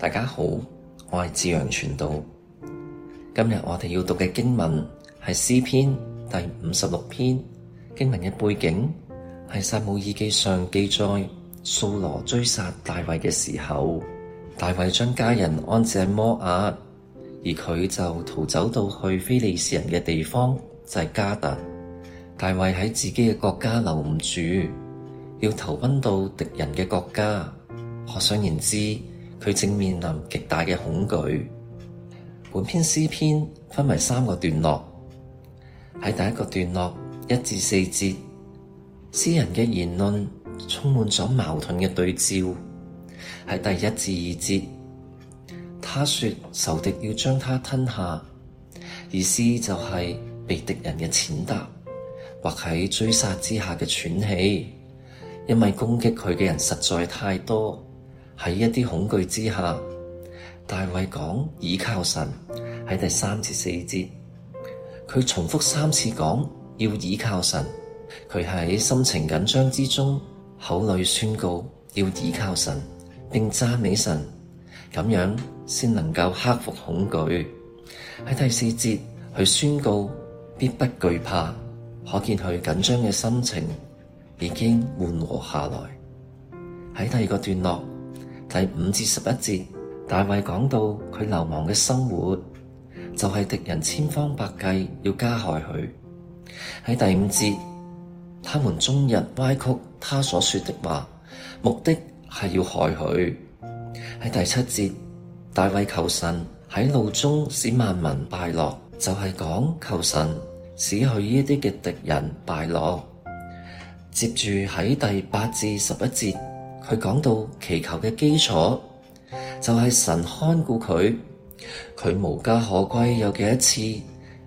大家好，我係智陽傳道。今日我哋要讀嘅經文係詩篇第五十六篇。經文嘅背景係撒母耳記上記載，掃羅追殺大衛嘅時候，大衛將家人安置喺摩押，而佢就逃走到去非利士人嘅地方，就係、是、迦特。大衛喺自己嘅國家留唔住，要投奔到敵人嘅國家。可想而知。佢正面臨極大嘅恐懼。本篇詩篇分為三個段落，喺第一個段落一至四節，詩人嘅言論充滿咗矛盾嘅對照。喺第一至二節，他說仇敵要將他吞下，意思就係被敵人嘅踐踏，或喺追殺之下嘅喘氣，因為攻擊佢嘅人實在太多。喺一啲恐懼之下，大衛講倚靠神。喺第三至四節，佢重複三次講要倚靠神，佢喺心情緊張之中口裏宣告要倚靠神，並讚美神，咁樣先能夠克服恐懼。喺第四節佢宣告必不懼怕，可見佢緊張嘅心情已經緩和下來。喺第二個段落。第五至十一節，大衛講到佢流亡嘅生活，就係敵人千方百計要加害佢。喺第五節，他們終日歪曲他所說的話，目的係要害佢。喺第七節，大衛求神喺怒中使萬民敗落，就係講求神使佢呢啲嘅敵人敗落。接住喺第八至十一節。佢講到祈求嘅基礎就係神看顧佢，佢無家可歸有幾多次，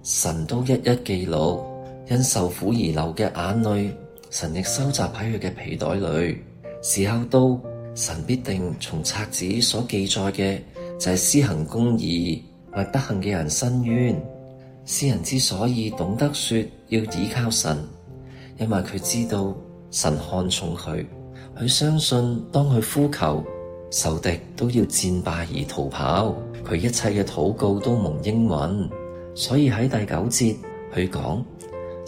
神都一一記錄。因受苦而流嘅眼淚，神亦收集喺佢嘅皮袋裏。時候到，神必定從冊子所記載嘅就係施行公義，為不幸嘅人伸冤。世人之所以懂得說要倚靠神，因為佢知道神看重佢。佢相信，當佢呼求仇敵都要戰敗而逃跑，佢一切嘅禱告都蒙應允。所以喺第九節佢講：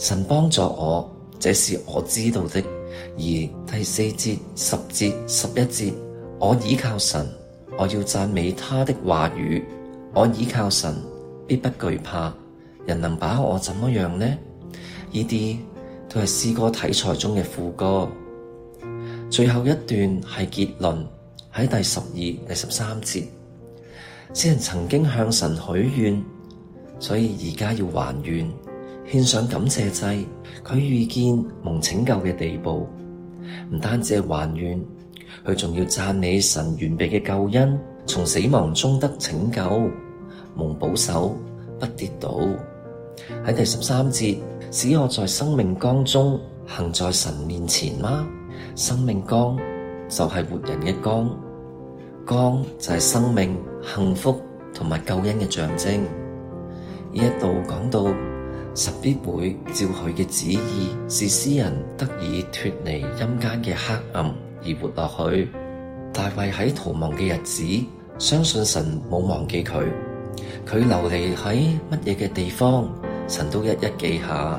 神幫助我，這是我知道的。而第四節、十節、十一節，我倚靠神，我要讚美他的話語。我倚靠神，必不懼怕。人能把我怎麼樣呢？呢啲都係詩歌體裁中嘅副歌。最後一段係結論，喺第十二、第十三節。詩人曾經向神許願，所以而家要還願，獻上感謝祭。佢遇見蒙拯救嘅地步，唔單止係還願，佢仲要讚你神完備嘅救恩，從死亡中得拯救，蒙保守不跌倒。喺第十三節，使我在生命當中行在神面前嗎？生命光就係、是、活人嘅光，光就係生命、幸福同埋救恩嘅象徵。呢度講到神必會照佢嘅旨意，使詩人得以脫離陰間嘅黑暗，而活落去。大衛喺逃亡嘅日子，相信神冇忘記佢，佢流離喺乜嘢嘅地方，神都一一記下，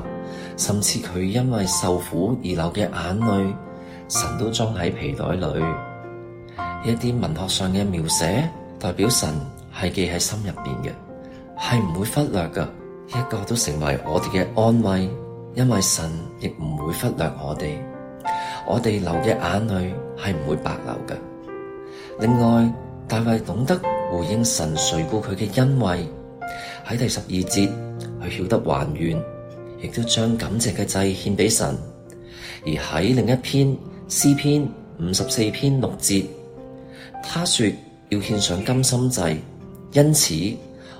甚至佢因為受苦而流嘅眼淚。神都裝喺皮袋裏，一啲文學上嘅描寫，代表神係記喺心入邊嘅，係唔會忽略噶。一個都成為我哋嘅安慰，因為神亦唔會忽略我哋。我哋流嘅眼淚係唔會白流噶。另外，大衛懂得回應神垂顧佢嘅恩惠，喺第十二節，佢曉得還願，亦都將感謝嘅祭獻俾神。而喺另一篇。詩篇五十四篇六節，他說要獻上甘心祭。因此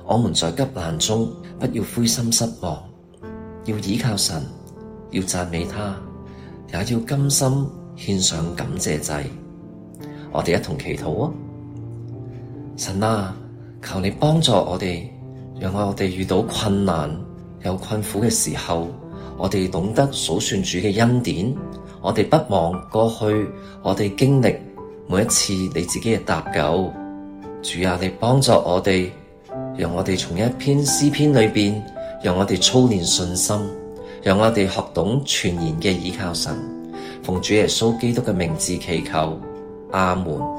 我們在急難中不要灰心失望，要倚靠神，要讚美他，也要甘心獻上感謝祭。我哋一同祈禱啊！神啊，求你幫助我哋，讓我哋遇到困難有困苦嘅時候，我哋懂得數算主嘅恩典，我哋不忘過去，我哋經歷每一次你自己嘅搭救，主要你幫助我哋，讓我哋從一篇詩篇裏面，讓我哋操練信心，讓我哋學懂全然嘅倚靠神。奉主耶穌基督嘅名字祈求，阿門。